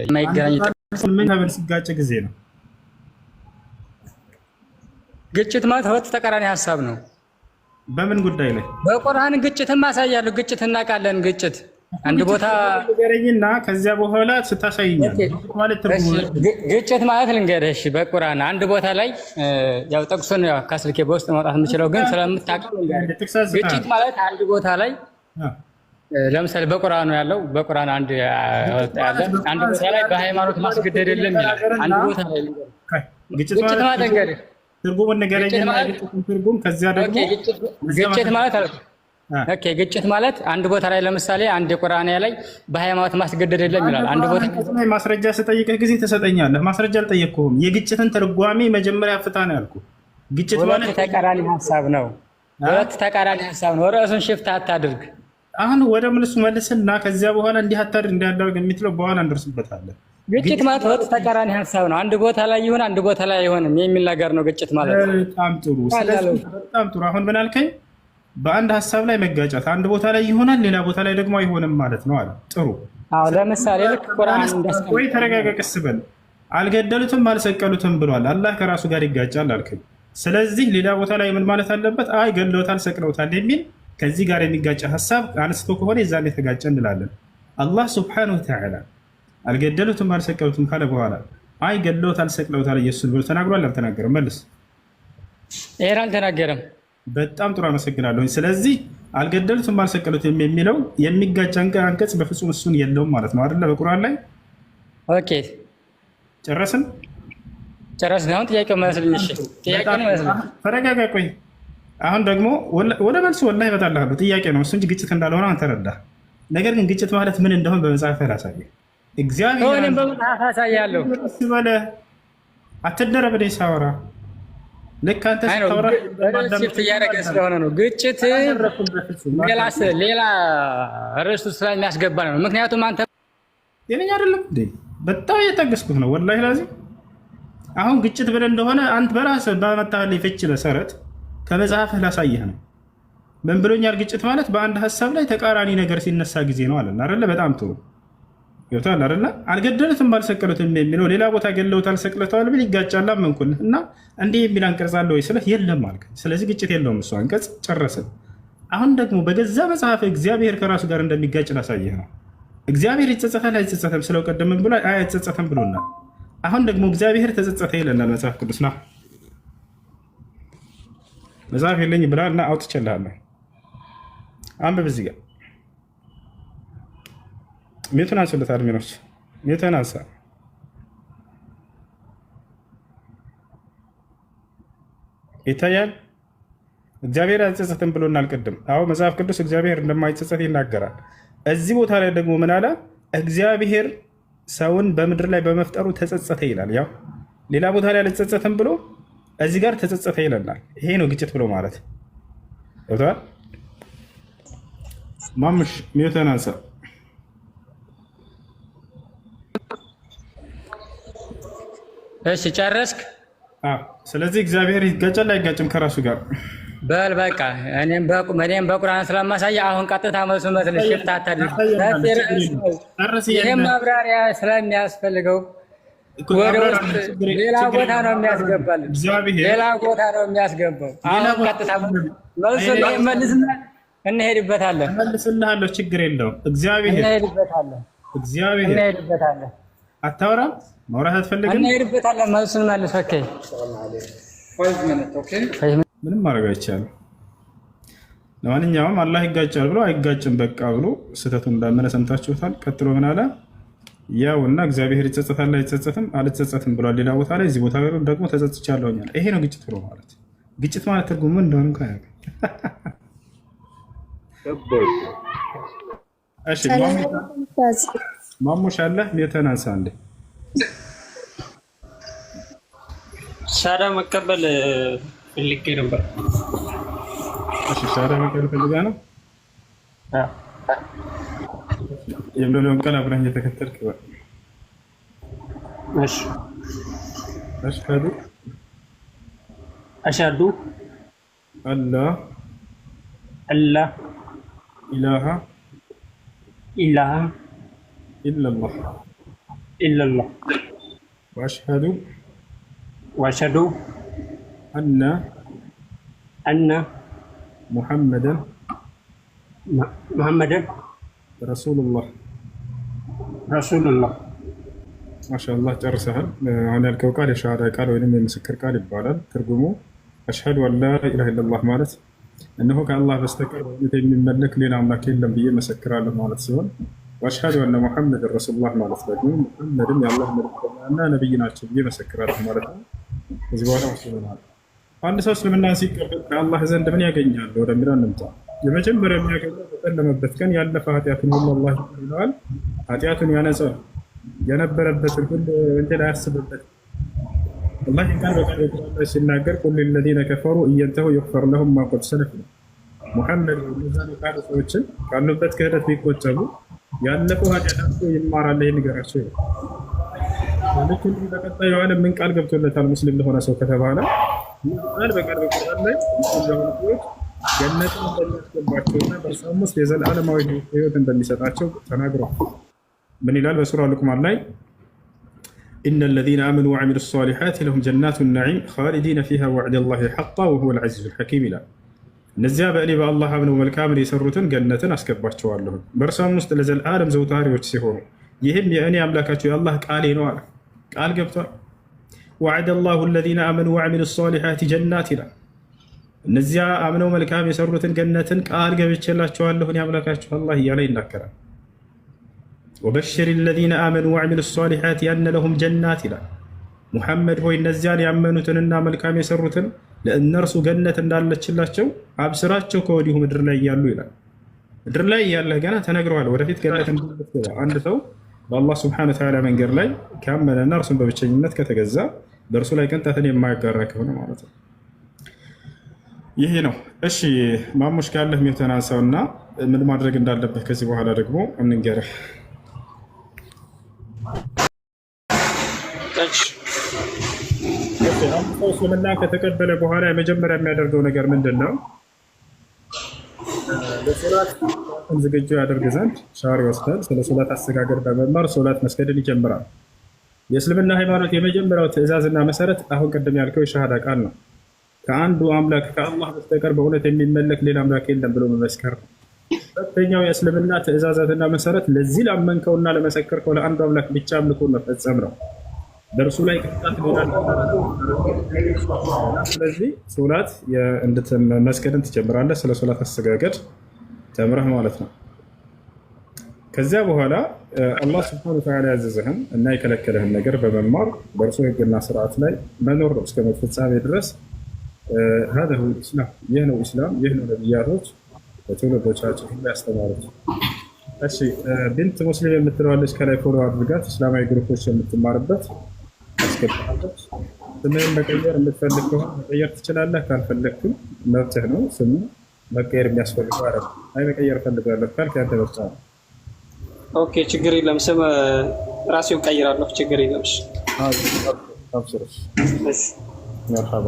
የማይገናኝ ምን ሲጋጭ ጊዜ ነው። ግጭት ማለት ሁለት ተቃራኒ ሀሳብ ነው። በምን ጉዳይ ላይ? በቁርአን ግጭትም አሳያለሁ። ግጭት እናውቃለን። ግጭት አንድ ቦታ ገረኝና ከዚያ በኋላ ስታሳይኛል። ግጭት ማለት ልንገርሽ፣ በቁርአን አንድ ቦታ ላይ ያው ጠቅሱን ከስልኬ በውስጥ መውጣት የምችለው ግን ስለምታውቅ ግጭት ማለት አንድ ቦታ ላይ ለምሳሌ በቁርአን ነው ያለው። በቁርአን አንድ ያለ አንድ ቦታ ላይ በሃይማኖት ማስገደድ የለም ይላል። አንድ ቦታ ላይ ግጭት ማለት ነገር ትርጉም ነገረኛ ትርጉም ከዚያ ደግሞ ግጭት ማለት አለ። ኦኬ ግጭት ማለት አንድ ቦታ ላይ ለምሳሌ አንድ የቁርአን ላይ በሃይማኖት ማስገደድ የለም ይላል። አንድ ቦታ ላይ ማስረጃ ስጠይቅህ ጊዜ ትሰጠኛለህ። ማስረጃ አልጠየቅኩህም። የግጭትን ትርጓሜ መጀመሪያ ፍታ ነው ያልኩህ። ግጭት ማለት ተቃራኒ ሀሳብ ነው። ሁለት ተቃራኒ ሀሳብ ነው። ርዕሱን ሽፍታ አታድርግ። አሁን ወደ መልሱ እና ከዚያ በኋላ እንዲህ አታድር እንዲያደርግ የሚትለው በኋላ እንደርስበታለን። ግጭት ማለት ወጥ ተቃራኒ ሀሳብ ነው። አንድ ቦታ ላይ ይሁን አንድ ቦታ ላይ አይሆንም የሚል ነገር ነው ግጭት ማለት። በጣም ጥሩ በጣም ጥሩ። አሁን ምን አልከኝ? በአንድ ሀሳብ ላይ መጋጨት አንድ ቦታ ላይ ይሆናል፣ ሌላ ቦታ ላይ ደግሞ አይሆንም ማለት ነው አለ። ጥሩ ለምሳሌ ልክ ወይ ተረጋገቅስ በል አልገደሉትም አልሰቀሉትም ብሏል። አላህ ከራሱ ጋር ይጋጫል አልከኝ። ስለዚህ ሌላ ቦታ ላይ ምን ማለት አለበት? አይ ገለውታል ሰቅለውታል የሚል ከዚህ ጋር የሚጋጨ ሀሳብ አንስቶ ከሆነ የዛን የተጋጨ እንላለን። አላህ ስብሓነሁ ወተዓላ አልገደሉትም አልሰቀሉትም ካለ በኋላ አይ ገለውት አልሰቅለውታል ኢየሱስን ብሎ ተናግሯል። አልተናገርም? መልስ። ይሄን አልተናገረም። በጣም ጥሩ አመሰግናለሁ። ስለዚህ አልገደሉትም አልሰቀሉትም የሚለው የሚጋጭ አንቀጽ በፍጹም እሱን የለውም ማለት ነው አይደለ? በቁርአን ላይ ኦኬ። ጨረስን ጨረስን። አሁን ጥያቄው መስልኝ። መለስልኝ። ተረጋጋ ቆይ አሁን ደግሞ ወደ መልሱ ወላ እመጣልሃለሁ። ጥያቄ ነው እሱ እንጂ ግጭት እንዳልሆነ አንተረዳ ነገር ግን ግጭት ማለት ምን እንደሆነ እግዚአብሔር በመጽሐፍ አሳያለሁ በለህ። አትደረብ እኔ ሳወራ ልክ አንተ ስታወራ እያደረገ ስለሆነ ነው። ግጭት ሌላ ርዕሱ ስለሚያስገባ ነው። ምክንያቱም አንተ የእኔ አይደለም እንዴ በጣም እየጠገስኩት ነው ወላ ላዚ አሁን ግጭት ብለህ እንደሆነ አንተ በራስህ በመጣልህ ፍች መሰረት ከመጽሐፍህ ላሳየህ ነው። ምን ብሎኛል? ግጭት ማለት በአንድ ሀሳብ ላይ ተቃራኒ ነገር ሲነሳ ጊዜ ነው አለ አለ። በጣም ጥሩ ገብቷል አለ። አልገደሉትም አልሰቀሉትም የሚለው ሌላ ቦታ ገለውት አልሰቅለተዋል ብል ይጋጫል። አመንኩልህ እና እንዲህ የሚል አንቀጽ አለ ወይ ስልህ የለም አልክ። ስለዚህ ግጭት የለውም እሱ አንቀጽ ጨረስን። አሁን ደግሞ በገዛ መጽሐፍ እግዚአብሔር ከራሱ ጋር እንደሚጋጭ ላሳየህ ነው። እግዚአብሔር ይጸጸታል አይጸጸተም? ስለው ቀደም ብሎ አይጸጸተም ብሎናል። አሁን ደግሞ እግዚአብሔር ተጸጸተ ይለናል መጽሐፍ ቅዱስ ነው። መጽሐፍ የለኝ ብላ እና አውጥቼልሃለሁ። አንብብ። እዚህ ጋር ሜቱን አንስለት። አድሚኖች ሜትህን አንሳ። ይታያል። እግዚአብሔር አይጸጸትም ብሎናል ቅድም። አዎ መጽሐፍ ቅዱስ እግዚአብሔር እንደማይጸጸት ይናገራል። እዚህ ቦታ ላይ ደግሞ ምን አለ? እግዚአብሔር ሰውን በምድር ላይ በመፍጠሩ ተጸጸተ ይላል። ያው ሌላ ቦታ ላይ አልጸጸትም ብሎ እዚህ ጋር ተጸጸተ ይለናል። ይሄ ነው ግጭት ብሎ ማለት ገብተዋል። ማምሽ እሺ ጨረስክ። ስለዚህ እግዚአብሔር ይጋጫል አይጋጭም ከራሱ ጋር በል በቃ እኔም በቁርአን ስለማሳይ አሁን ቀጥታ መልሱ መስል ሽፍታ ታድርግ። ይህም ማብራሪያ ስለሚያስፈልገው ሌላ ቦታ ነው የሚያስገባልን። ሌላ ቦታ ነው የሚያስገባው። አሁን ቀጥታ መልስና እንሄድበታለን። መልስልሃለሁ፣ ችግር የለውም። እግዚአብሔር እንሄድበታለን። እግዚአብሔር እንሄድበታለን። አታወራም፣ ማውራት አትፈልግም። እንሄድበታለን። መልሱን መልስ። ኦኬ፣ ምንም ማድረግ አይቻልም። ለማንኛውም አላህ ይጋጫል ብሎ አይጋጭም በቃ ብሎ ስህተቱ እንዳመነ ሰምታችሁታል። ቀጥሎ ምን አለ? ያው እና እግዚአብሔር ይጸጸታል አይጸጸትም አልጸጸትም ብሏል ሌላ ቦታ ላይ እዚህ ቦታ ደግሞ ተጸጽቻለሁ አለ ይሄ ነው ግጭት ብሎ ማለት ግጭት ማለት ትርጉሙ ምን እንደሆነ እንኳን እሺ ማሙሽ አለ የተናንሳ እንደ ሻዳ መቀበል ፈልጌ ነበር እሺ ሻዳ መቀበል ፈልጋ ነው የምለውን ቃል አብረህ እየተከተልክ በል። እሺ አሽሀዱ አሽሀዱ አላ አላ ኢላሃ ኢላሃ ኢለላህ ኢለላህ ወአሽሀዱ ወአሽሀዱ አነ አነ ሙሐመደን ሙሐመደን ረሱሉላህ ረሱሉላህ ማሻአላህ ጨርሰሃል። አሁን ያልከው ቃል የሸሃዳ ቃል ወይም የምስክር ቃል ይባላል። ትርጉሙ አሽሀዱ አን ላ ኢለላህ ማለት እነሆ ከአላህ በስተቀር በእውነት የሚመለክ ሌላ አምላክ የለም ብዬ መሰክራለሁ ማለት ሲሆን ወአሽሀዱ አነ ሙሐመድ ረሱሉላህ ማለት ደግሞ ሙሐመድም የአላህ መልክተኛና ነቢይ ናቸው ብዬ መሰክራለሁ ማለት ነው። ከዚህ በኋላ አንድ ሰው እስልምና ሲቀበል ከአላህ ዘንድ ምን ያገኛል ወደሚለው እንምጣ። የመጀመሪያ የሚያገኘው በጠለመበት ቀን ያለፈ ኃጢአትን ሁሉ አላህ ይለዋል። ኃጢአቱን ያነጸው የነበረበትን ሁሉ እንትን አያስብበት። አላህ ቃል በቃል ሲናገር ቁል ለዚነ ከፈሩ እየንተሁ ይክፈር ለሁም ማ ቀድ ሰለፍ ነው። ሙሐመድ ዛን የካዱ ሰዎችን ካሉበት ክህደት ቢቆጠቡ ያለፈው ኃጢአታቸው ይማራል፣ ይህ ንገራቸው ይል ልክ እንዲህ በቀጣዩ ዓለም ምን ቃል ገብቶለታል ሙስሊም ለሆነ ሰው ከተባለ ቃል በቃል በቁርአን ላይ ሰዎች ገነትን እንደሚያስገባቸውና በእርሷም ውስጥ የዘላለማዊ ሕይወት እንደሚሰጣቸው ተናግሯል። ምን ይላል? በሱራ ሉቅማን ላይ إن الذين آمنوا وعملوا الصالحات لهم جنات النعيم خالدين فيها وعد الله حقا وهو العزيز الحكيم إلى እነዚያ በእኔ በአላህ አምነው መልካምን የሰሩትን ገነትን አስገባቸዋለሁ በእርሷም ውስጥ ለዘላለም ዘውታሪዎች ሲሆኑ ይህም የእኔ አምላካቸው የአላህ ቃሌ ነው አለ። ቃል ገብቷል። ወዓደ ላሁ ለዚነ አመኑ ወዓሚሉ ሷሊሓት ጀናት ይላል እነዚያ አምነው መልካም የሰሩትን ገነትን ቃል ገብቼላቸዋለሁ እኔ አምላካችሁ አላህ እያለ ይናገራል። ወበሽር ለዚነ አመኑ ወዐሚሉ ሷሊሓት ያነ ለሁም ጀናት ይላል። ሙሐመድ ሆይ እነዚያን ያመኑትንና መልካም የሰሩትን ለእነርሱ ገነት እንዳለችላቸው አብስራቸው ከወዲሁ ምድር ላይ እያሉ ይላል። ምድር ላይ እያለ ገና ተነግረዋል። ወደፊት ገነት አንድ ሰው በአላህ ስብሐነሁ ወተዓላ መንገድ ላይ ካመነና እርሱን በብቸኝነት ከተገዛ በእርሱ ላይ ቅንጣትን የማያጋራ ከሆነ ማለት ነው ይሄ ነው። እሺ ማሙሽ ካለህ የተናሳው እና ምን ማድረግ እንዳለበት ከዚህ በኋላ ደግሞ እንንገርህ። እስልምና ከተቀበለ በኋላ የመጀመሪያ የሚያደርገው ነገር ምንድን ነው? ለሶላት ዝግጁ ያደርግ ዘንድ ሻር ይወስዳል። ስለ ሶላት አሰጋገድ በመማር ሶላት መስገድን ይጀምራል። የእስልምና ሃይማኖት የመጀመሪያው ትዕዛዝና መሰረት አሁን ቅድም ያልከው የሻሃዳ ቃል ነው። ከአንዱ አምላክ ከአላህ በስተቀር በእውነት የሚመለክ ሌላ አምላክ የለም ብሎ መመስከር ነው። ሁለተኛው የእስልምና ትእዛዛትና መሰረት ለዚህ ላመንከውና ለመሰከርከው ለአንዱ አምላክ ብቻ አምልኮ መፈጸም ነው። በእርሱ ላይ ቅጣት ይሆናል። ስለዚህ ሶላት መስገድን ትጀምራለህ። ስለ ሶላት አሰጋገድ ተምረህ ማለት ነው። ከዚያ በኋላ አላህ ስብሐነ ወተዓላ ያዘዘህን እና የከለከለህን ነገር በመማር በእርሱ ህግና ስርዓት ላይ መኖር ነው እስከ መፈጻሜ ድረስ ሀደ ኢስላም ይህ ነው ኢስላም፣ ይህ ነው ነቢያቶች በትውልዶቻቸው ሁሉ ያስተማሩት። እሺ ቢንት ሙስሊም የምትለዋለች ከላይ ፎሎ አድርጋት። እስላማዊ ግሩፖች የምትማርበት አስገባለች። ስምህን መቀየር የምትፈልግ ከሆነ መቀየር ትችላለህ። ካልፈለግክም መብትህ ነው። ስሙ መቀየር የሚያስፈልገው አረ አይ መቀየር ፈልጋለሁ ካልክ ያንተ መብት ነው። ኦኬ ችግር የለም። ስም ራሴው ቀይራለሁ። ችግር የለም። መርሀባ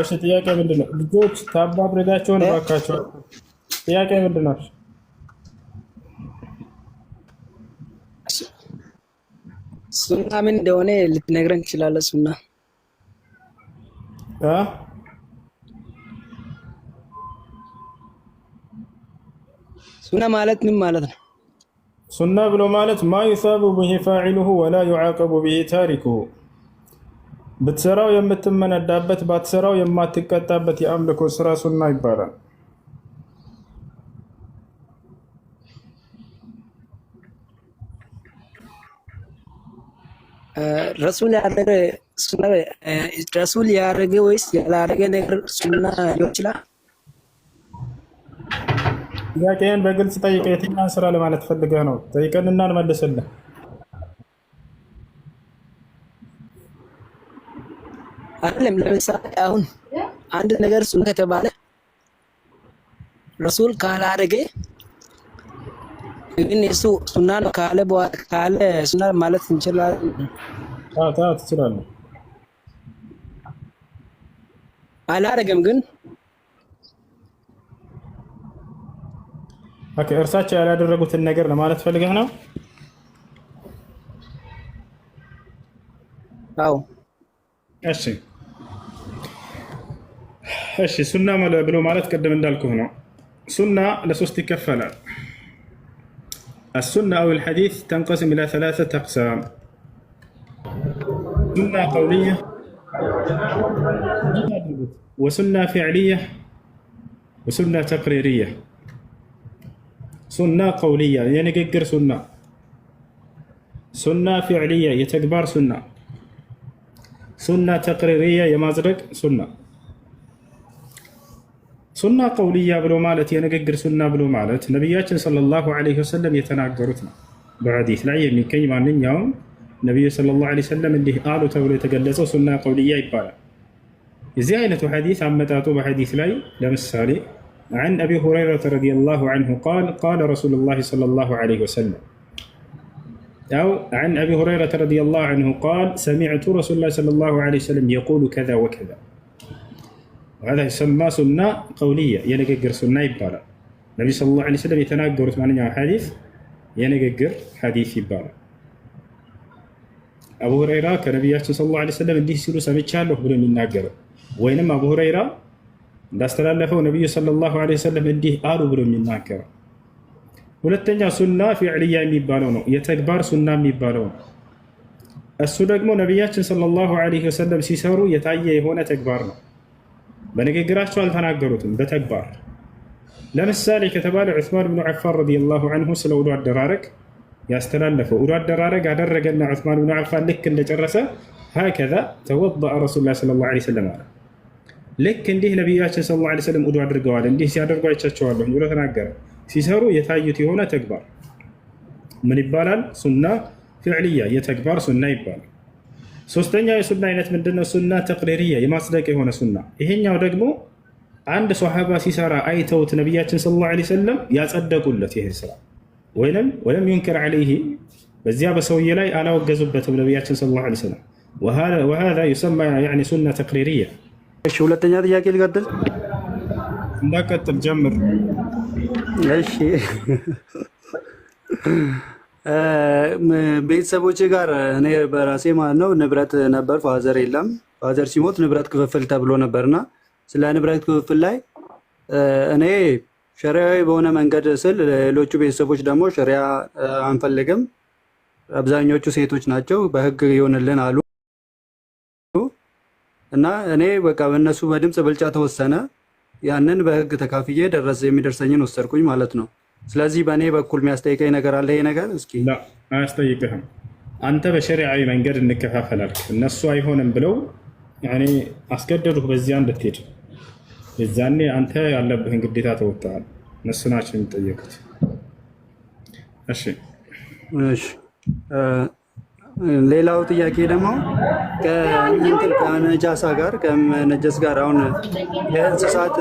እሺ፣ ጥያቄ ምንድን ነው? ልጆች ታባ ብሬዳቸውን እባካቸው፣ ጥያቄ ምንድን ነው? ሱና ምን እንደሆነ ልትነግረን ትችላለህ? ሱና ሱና ማለት ምን ማለት ነው? ሱና ብሎ ማለት ማ ዩሳቡ ብሂ ፋዒሉሁ ወላ ዩዓቀቡ ብሂ ታሪኩሁ ብትሰራው የምትመነዳበት ባትሰራው የማትቀጣበት የአምልኮ ስራ ሱና ይባላል። ረሱል ያደረገ ረሱል ያደረገ ወይስ ያላደረገ ነገር ሱና ሊሆን ይችላል? ጥያቄን በግልጽ ጠይቀ። የትኛን ስራ ለማለት ፈልገህ ነው? ጠይቀንና እንመልስልን። አይደለም። ለምሳሌ አሁን አንድ ነገር ሱን ከተባለ ረሱል ካላደረገ ግን እሱ ሱና ነው ካለ ካለ ሱና ማለት እንችላለን። ታታ አላደረገም ግን ኦኬ፣ እርሳቸው ያላደረጉትን ነገር ለማለት ፈልገህ ነው? አዎ። እሺ هشي እሺ ما ብሎ ማለት ቀደም እንዳልኩህ هنا سنة لسوستي كفلا السنة أو الحديث تنقسم إلى ثلاثة أقسام سنة قولية وسنة فعلية وسنة تقريرية سنة قولية يعني قر سنة سنة فعلية يتكبر سنة سنة تقريرية يمازرق سنة ሱና ቀውልያ ብሎ ማለት የንግግር ሱና ብሎ ማለት ነቢያችን ሰለላሁ ዐለይሂ ወሰለም የተናገሩት ነው። በሐዲስ ላይ የሚገኝ ማንኛውም ነቢዩ ሰለላሁ ዐለይሂ ወሰለም እንዲህ አሉ ተብሎ የተገለጸው ሱና ቀውልያ ይባላል። የዚህ አይነቱ ሐዲስ አመጣጡ በሐዲስ ላይ ለምሳሌ عن أبي هريرة رضي الله عنه قال قال رسول الله صلى الله عليه وسلم أو عن أبي هريرة رضي الله عنه قال سمعت رسول الله صلى الله عليه وسلم يقول كذا وكذا ሀዛ ይሰማ ሱና ቀውልያ የንግግር ሱና ይባላል። ነቢ ሰለላሁ ዐለይሂ ወሰለም የተናገሩት ማንኛውም ሀዲስ የንግግር ሀዲስ ይባላል። አቡ ሁረይራ ከነቢያችን ሰለላሁ ዐለይሂ ወሰለም እንዲህ ሲሉ ሰምቻለሁ ብሎ የሚናገረው ወይንም አቡ ሁረይራ እንዳስተላለፈው ነቢዩ ሰለላሁ ዐለይሂ ወሰለም እንዲህ አሉ ብሎ የሚናገረው። ሁለተኛ ሱና ፊዕልያ የሚባለው ነው፣ የተግባር ሱና የሚባለው ነው። እሱ ደግሞ ነቢያችን ሰለላሁ ዐለይሂ ወሰለም ሲሰሩ የታየ የሆነ ተግባር ነው። በንግግራቸው አልተናገሩትም፣ በተግባር ለምሳሌ ከተባለ ዑስማን ብኑ ዓፋን ረዲየላሁ አንሁ ስለ ውዱ አደራረግ ያስተላለፈው ውዱ አደራረግ አደረገና ዑስማን ብኑ ዓፋን ልክ እንደጨረሰ ሀከዛ ተወደአ ረሱሉላህ ሰለላሁ ዐለይሂ ወሰለም አለ። ልክ እንዲህ ነቢያችን ሰለላሁ ዐለይሂ ወሰለም ውዱ አድርገዋል፣ እንዲህ ሲያደርጉ አይቻቸዋለሁ ብሎ ተናገረ። ሲሰሩ የታዩት የሆነ ተግባር ምን ይባላል? ሱና ፊዕልያ፣ የተግባር ሱና ይባላል። ሶስተኛው የሱና አይነት ምንድነው? ሱና ተቅሪርያ የማጽደቅ የሆነ ሱና። ይሄኛው ደግሞ አንድ ሶሐባ ሲሰራ አይተውት ነቢያችን ሰለላሁ ዐለይሂ ወሰለም ያጸደቁለት ይህን ስራ ወይም ወለም ዩንከር ዐለይሂ በዚያ በሰውዬ ላይ አላወገዙበትም ነቢያችን ሰለላሁ ዐለይሂ ወሰለም። ወሃዛ ዩሰማ ሱና ተቅሪርያ። እሺ ሁለተኛ ጥያቄ ልቀጥል እንዳቀጥል ጀምር። እሺ ቤተሰቦች ጋር እኔ በራሴ ማለት ነው ንብረት ነበር። ፋዘር የለም። ፋዘር ሲሞት ንብረት ክፍፍል ተብሎ ነበርና ስለ ንብረት ክፍፍል ላይ እኔ ሸሪያዊ በሆነ መንገድ ስል፣ ሌሎቹ ቤተሰቦች ደግሞ ሸሪያ አንፈልግም፣ አብዛኞቹ ሴቶች ናቸው፣ በህግ ይሆንልን አሉ እና እኔ በቃ በእነሱ በድምፅ ብልጫ ተወሰነ። ያንን በህግ ተካፍዬ ደረስ የሚደርሰኝን ወሰድኩኝ ማለት ነው። ስለዚህ በእኔ በኩል የሚያስጠይቀኝ ነገር አለ። ይሄ ነገር እስኪ አያስጠይቅህም። አንተ በሸሪዓዊ መንገድ እንከፋፈላል እነሱ አይሆንም ብለው እኔ አስገደዱህ በዚያ እንድትሄድ የዛኔ አንተ ያለብህን ግዴታ ተወጥተሃል። እነሱ ናቸው የሚጠየቁት። እሺ እሺ ሌላው ጥያቄ ደግሞ ከእንትን ከነጃሳ ጋር ከነጀስ ጋር አሁን የእንስሳት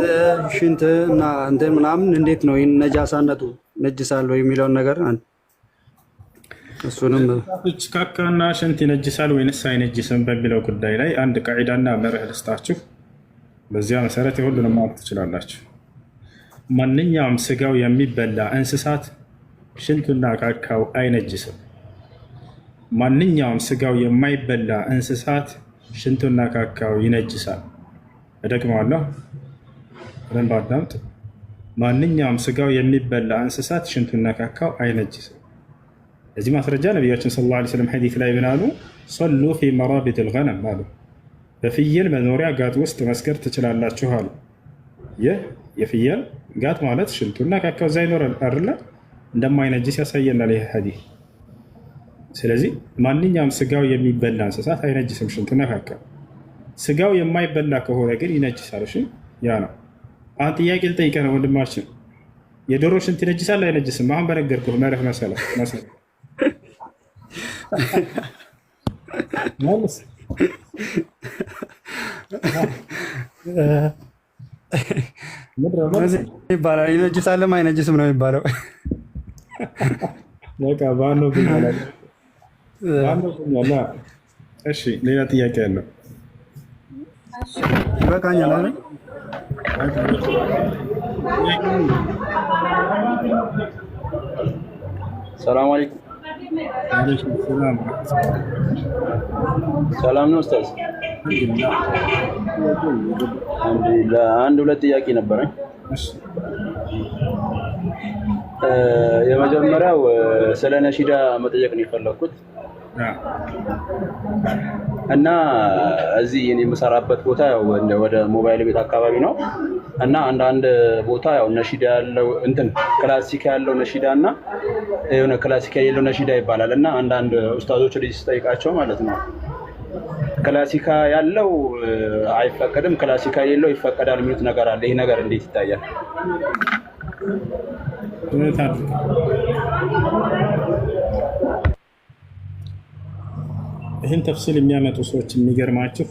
ሽንት እና እንትን ምናምን እንዴት ነው ነጃሳነቱ ነጅሳል ወይ የሚለውን ነገር እሱንም ካካና ሽንት ይነጅሳል ወይንስ አይነጅስም በሚለው ጉዳይ ላይ አንድ ቃዒዳና መርህ ልስጣችሁ። በዚያ መሰረት የሁሉንም ማወቅ ትችላላችሁ። ማንኛውም ስጋው የሚበላ እንስሳት ሽንቱና ካካው አይነጅስም። ማንኛውም ስጋው የማይበላ እንስሳት ሽንቱና ካካው ይነጅሳል። እደግመዋለሁ፣ በደንብ አዳምጥ። ማንኛውም ስጋው የሚበላ እንስሳት ሽንቱና ካካው አይነጅስም። እዚህ ማስረጃ ነቢያችን ሰለላሁ ላ ስለም ሐዲስ ላይ ምናሉ? ሰሉ ፊ መራቢት ገነም አሉ። በፍየል መኖሪያ ጋት ውስጥ መስገድ ትችላላችሁ አሉ። ይህ የፍየል ጋት ማለት ሽንቱና ካካው እዛ ይኖራል አይደለ? እንደማይነጅስ ያሳየናል ይህ ሐዲስ ስለዚህ ማንኛውም ስጋው የሚበላ እንስሳት አይነጅስም። ሽንት ነካከል ስጋው የማይበላ ከሆነ ግን ይነጅሳል። እሺ ያ ነው። አሁን ጥያቄ ልጠይቀህ ነው ወንድማችን፣ የዶሮ ሽንት ይነጅሳል አይነጅስም? አሁን በነገርኩህ መርህ መሰለህ ይባላል። ይነጅሳልም አይነጅስም ነው የሚባለው። በቃ ባኖ እሺ ሌላ ጥያቄ ያለው ይበቃኛል። ሰላም አለይኩም። ሰላም ነው ኡስታዝ። አንድ ሁለት ጥያቄ ነበረኝ። የመጀመሪያው ስለ ነሺዳ መጠየቅ ነው የፈለኩት። እና እዚህ እኔ የምሰራበት ቦታ ያው ወደ ሞባይል ቤት አካባቢ ነው እና አንዳንድ ቦታ ያው ነሺዳ ያለው እንትን ክላሲካ ያለው ነሺዳ እና የሆነ ክላሲካ የሌለው ነሺዳ ይባላል። እና አንዳንድ ኡስታዞች ልጅ ስጠይቃቸው ማለት ነው ክላሲካ ያለው አይፈቀድም፣ ክላሲካ የሌለው ይፈቀዳል የሚሉት ነገር አለ። ይህ ነገር እንዴት ይታያል? ይህን ተፍሲል የሚያመጡ ሰዎች የሚገርማችሁ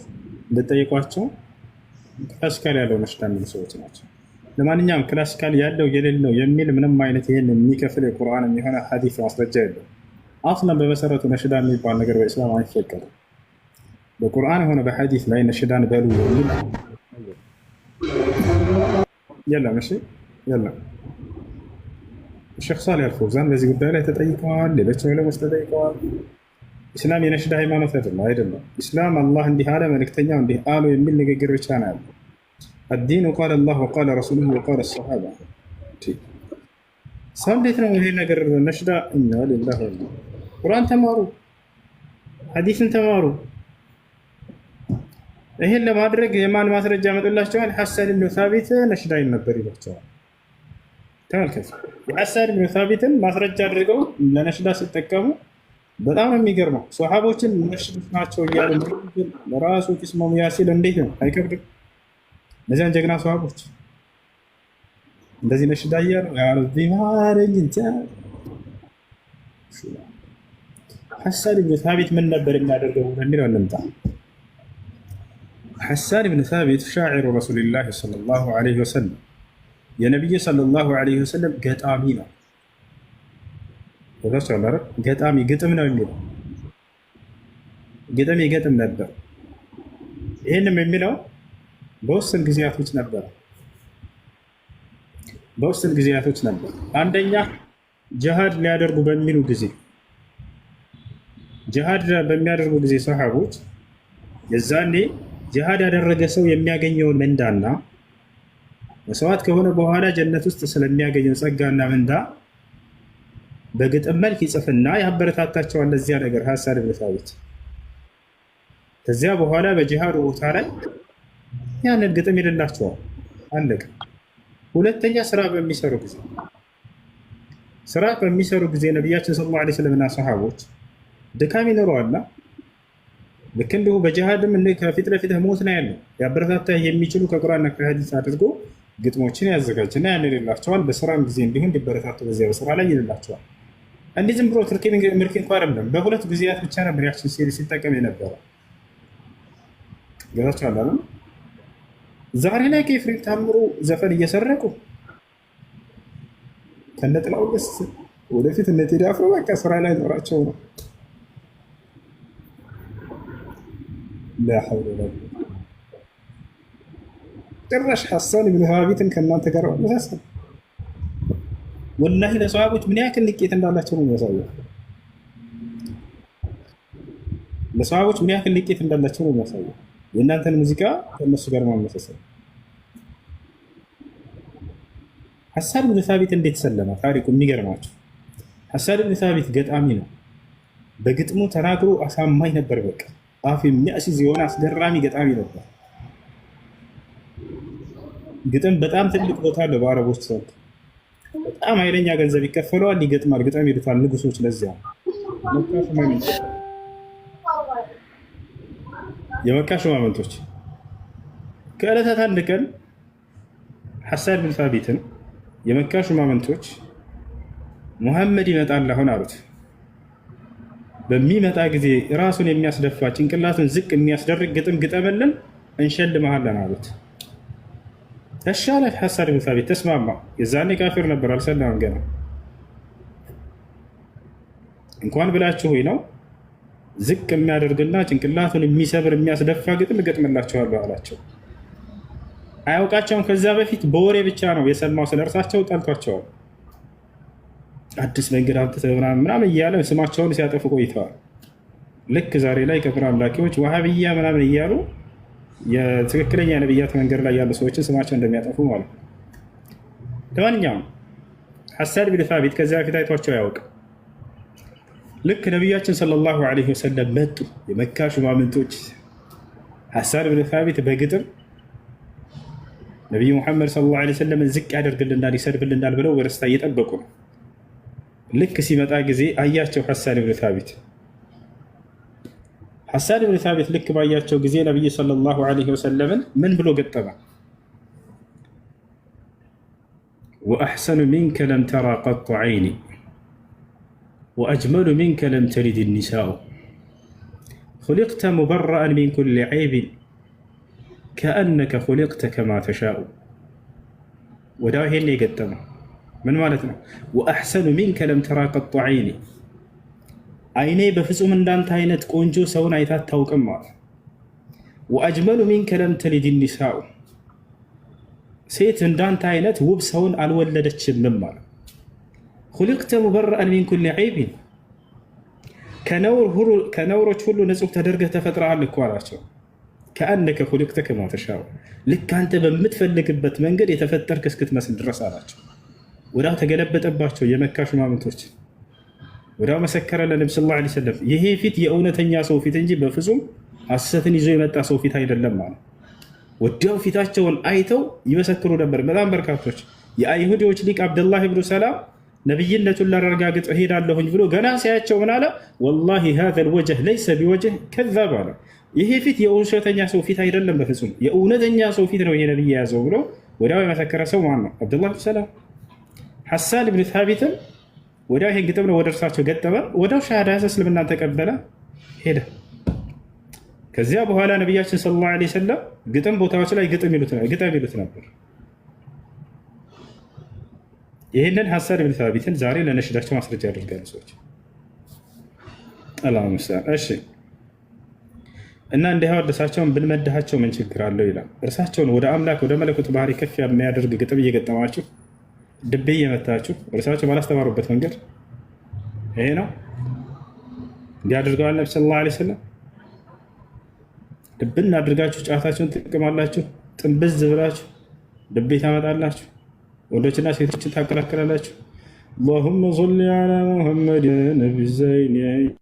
ልጠይቋቸው ክላሲካል ያለው ነሽዳ የሚል ሰዎች ናቸው። ለማንኛውም ክላሲካል ያለው የሌለው የሚል ምንም አይነት ይህን የሚከፍል የቁርአን የሆነ ሀዲስ ማስረጃ የለው። አስለን በመሰረቱ ነሽዳ የሚባል ነገር በእስላም አይፈቀድም። በቁርአን የሆነ በሀዲስ ላይ ነሽዳን በሉ የሚል የለም። እሺ የለም። ሼክ ሳሊህ አልፈውዛን በዚህ ጉዳይ ላይ ተጠይቀዋል። ሌሎች ዑለሞች ተጠይቀዋል። ኢስላም የነሽዳ ሃይማኖት አይደለም አይደለም። ኢስላም አላህ እንዲህ አለ መልእክተኛው እንዲህ አሉ የሚል ንግግር ብቻ ነው ያለው። አዲኑ ቃል አላህ ወቃለ ረሱሉሁ ወቃለ ሰሓባ። ሰው እንዴት ነው ይሄ ነገር ነሽዳ? እና ሌላ ቁርአን ተማሩ፣ ሀዲስን ተማሩ። ይሄን ለማድረግ የማን ማስረጃ ያመጡላቸዋል? ሐሰን ብኑ ሳቢት ነሽዳ ነበር ይሏቸዋል። ተመልከት፣ የሐሰን ብኑ ሳቢትን ማስረጃ አድርገው ለነሽዳ ሲጠቀሙ በጣም ነው የሚገርመው። ሰሓቦችን መሽት ናቸው እያሉ ለራሱ ቂስመሙ ያሲል እንዴት ነው አይከብድም? እነዚያን ጀግና ሰሓቦች እንደዚህ ነሽዳ እያሉ ሐሳን ብን ሳቢት ምን ነበር የሚያደርገው የሚለው እንምጣ። ሐሳን ብን ሳቢት ሻዒሩ ረሱልላህ ሰለላሁ ዓለይሂ ወሰለም የነቢዩ ሰለላሁ ዓለይሂ ወሰለም ገጣሚ ነው። ተዛቻላረ ገጣሚ ግጥም ነው የሚለው ግጥም ይገጥም ነበር። ይህንም የሚለው በውስን ጊዜያቶች ነበር በውስን ጊዜያቶች ነበር። አንደኛ ጅሃድ ሊያደርጉ በሚሉ ጊዜ ጅሃድ በሚያደርጉ ጊዜ ሰሃቦች የዛኔ ጅሃድ ያደረገ ሰው የሚያገኘውን ምንዳና መስዋዕት ከሆነ በኋላ ጀነት ውስጥ ስለሚያገኘው ጸጋና ምንዳ በግጥም መልክ ይጽፍና ያበረታታቸዋል ለዚያ ነገር ሀሳን ብን ሳቢት። ከዚያ በኋላ በጂሃድ ቦታ ላይ ያንን ግጥም ይልላቸዋል። አለቀ። ሁለተኛ ስራ በሚሰሩ ጊዜ ስራ በሚሰሩ ጊዜ ነቢያችን ሰለላሁ ዓለይሂ ወሰለምና ሰሃቦች ድካም ይኖረዋልና ልክ እንዲሁ በጂሃድም እ ከፊት ለፊት ሞት ነው ያለው ያበረታታ የሚችሉ ከቁርአንና ከሀዲስ አድርጎ ግጥሞችን ያዘጋጅና ያን ይልላቸዋል። በስራም ጊዜ እንዲሁ እንዲበረታቱ በዚያ በስራ ላይ ይልላቸዋል። እንዲህ ዝም ብሎ ቱርኪ ምልክ እንኳ አይደለም። በሁለት ጊዜያት ብቻ ነበር ያችን ሴሪ ሲጠቀም የነበረው ገዛችኋል አለ። ዛሬ ላይ ከኤፍሬም ታምሩ ዘፈን እየሰረቁ ከነጥላው ደስ ወደፊት እነ ቴዲ አፍሮ በቃ ስራ ላይ ኖራቸው ነው። ላሐውለ ጭራሽ ሐሳን ብን ሀቢትን ከእናንተ ጋር መሳሰል ወላሂ ለሰሃቦች ምን ያክል ንቄት እንዳላቸው ነው የሚያሳየው። ለሰሃቦች ምን ያክል ንቄት እንዳላቸው ነው የሚያሳየው። የእናንተን ሙዚቃ ከእነሱ ጋር ማመሳሰል። ሐሳድ ብን ሳቢት እንዴት ሰለመ? ታሪኩ የሚገርማቸው ሐሳድ ብን ሳቢት ገጣሚ ነው። በግጥሙ ተናግሮ አሳማኝ ነበር። በቃ አፍ የሚያስይዝ የሆነ አስገራሚ ገጣሚ ነበር። ግጥም በጣም ትልቅ ቦታ አለው በአረቦች ዘንድ በጣም ኃይለኛ ገንዘብ ይከፈለዋል፣ ይገጥማል፣ ግጠም ይሉታል ንጉሶች። ለዚያ የመካ ሹማምንቶች ከዕለታት አንድ ቀን ሐሳን ብን ሳቢትን የመካ ሹማምንቶች ሙሐመድ ይመጣል አሁን አሉት። በሚመጣ ጊዜ ራሱን የሚያስደፋ ጭንቅላቱን ዝቅ የሚያስደርግ ግጥም ግጠመልን እንሸልመሃለን አሉት። ተሻለ ሐሳን ብን ሳቢት ተስማማ። የዛኔ ካፊር ነበር፣ አልሰላም ገና። እንኳን ብላችሁ ሆይ ነው ዝቅ የሚያደርግና ጭንቅላቱን የሚሰብር የሚያስደፋ ግጥም እገጥምላችኋለሁ አላቸው። አያውቃቸውም። ከዛ በፊት በወሬ ብቻ ነው የሰማው ስለ እርሳቸው። ጠልቷቸዋል። አዲስ መንገድ አምጥተህ ምናምን ምናምን እያለ ስማቸውን ሲያጠፉ ቆይተዋል። ልክ ዛሬ ላይ ከፍር አምላኪዎች ዋሃብያ ምናምን እያሉ የትክክለኛ የነቢያት መንገድ ላይ ያሉ ሰዎችን ስማቸው እንደሚያጠፉ ማለት ነው። ለማንኛውም ሐሳድ ቢን ሳቢት ከዚያ በፊት አይቷቸው አያውቅም። ልክ ነቢያችን ሰለላሁ ዐለይሂ ወሰለም መጡ፣ የመካ ሹማምንቶች ሐሳድ ቢን ሳቢት በግጥም ነቢዩ ሙሐመድ ሰለላሁ ዐለይሂ ወሰለምን ዝቅ ያደርግልናል፣ ይሰድብልናል ብለው በደስታ እየጠበቁ ነው። ልክ ሲመጣ ጊዜ አያቸው ሐሳድ ቢን ሳቢት حسان بن ثابت لك باياتشو قزي نبي صلى الله عليه وسلم من بلو قطبع وأحسن منك لم ترى قط عيني وأجمل منك لم تلد النساء خلقت مبرأ من كل عيب كأنك خلقت كما تشاء وداهي اللي قدمه من مالتنا وأحسن منك لم ترى قط عيني አይኔ በፍጹም እንዳንተ አይነት ቆንጆ ሰውን አይታ አታውቅም አለ። ወአጅመሉ ሚንከ ለም ተሊድ ኒሳኡ ሴት እንዳንተ አይነት ውብ ሰውን አልወለደችምም አለ። ሁልቅተ ሙበረአን ሚን ኩል ዐይቢን ከነውሮች ሁሉ ንጹህ ተደርገህ ተፈጥረሃል እኮ አላቸው። ከአነከ ሁልቅተ ከማ ተሻኡ ልክ አንተ በምትፈልግበት መንገድ የተፈጠርክ እስክትመስል ድረስ አላቸው። ወዲያው ተገለበጠባቸው የመካ ሹማምንቶች ወዲያው መሰከረ ለነቢ ስ ላ ሰለም ይሄ ፊት የእውነተኛ ሰው ፊት እንጂ በፍጹም ሐሰትን ይዞ የመጣ ሰው ፊት አይደለም ማለት ወዲያው ፊታቸውን አይተው ይመሰክሩ ነበር በጣም በርካቶች የአይሁዲዎች ሊቅ አብደላህ ብኑ ሰላም ነቢይነቱን ላረጋግጥ እሄዳለሁኝ ብሎ ገና ሲያቸው ምን አለ ወላሂ ሀዘል ወጀህ ለይሰ ቢወጀህ ከዛብ አለ ይሄ ፊት የውሸተኛ ሰው ፊት አይደለም በፍጹም የእውነተኛ ሰው ፊት ነው ይሄ ነቢይ የያዘው ብሎ ወዲያው የመሰከረ ሰው ማን ነው አብደላህ ብኑ ሰላም ሐሳን ብን ታቢትን ወዲያ ይሄን ግጥም ነው ወደ እርሳቸው ገጠመ። ወዲያው ሻሃዳ ያዘ፣ እስልምናን ተቀበለ፣ ሄደ። ከዚያ በኋላ ነቢያችን ሰለላሁ ዓለይሂ ወሰለም ግጥም ቦታዎች ላይ ግጥም ይሉት ነበር። ይህንን ሀሳን ብን ሳቢትን ዛሬ ለነሽዳቸው ማስረጃ ያደርጋሉ ሰዎች። እሺ እና እንዲህ እርሳቸውን ብንመድሃቸው ምን ችግር አለው ይላል። እርሳቸውን ወደ አምላክ ወደ መለኮት ባህሪ ከፍ የሚያደርግ ግጥም እየገጠማችሁ ድቤ እየመታችሁ እርሳቸው ባላስተማሩበት መንገድ ይሄ ነው እንዲህ አድርገዋል ነቢ ሰለላሁ ዓለይሂ ወሰለም። ድብን አድርጋችሁ ጫታችሁን ትቅማላችሁ። ጥንብዝ ብላችሁ ድቤ ታመጣላችሁ። ወንዶችና ሴቶችን ታቀላቅላላችሁ። አላሁመ ሶሊ ዓላ ሙሐመድን ቢዘይን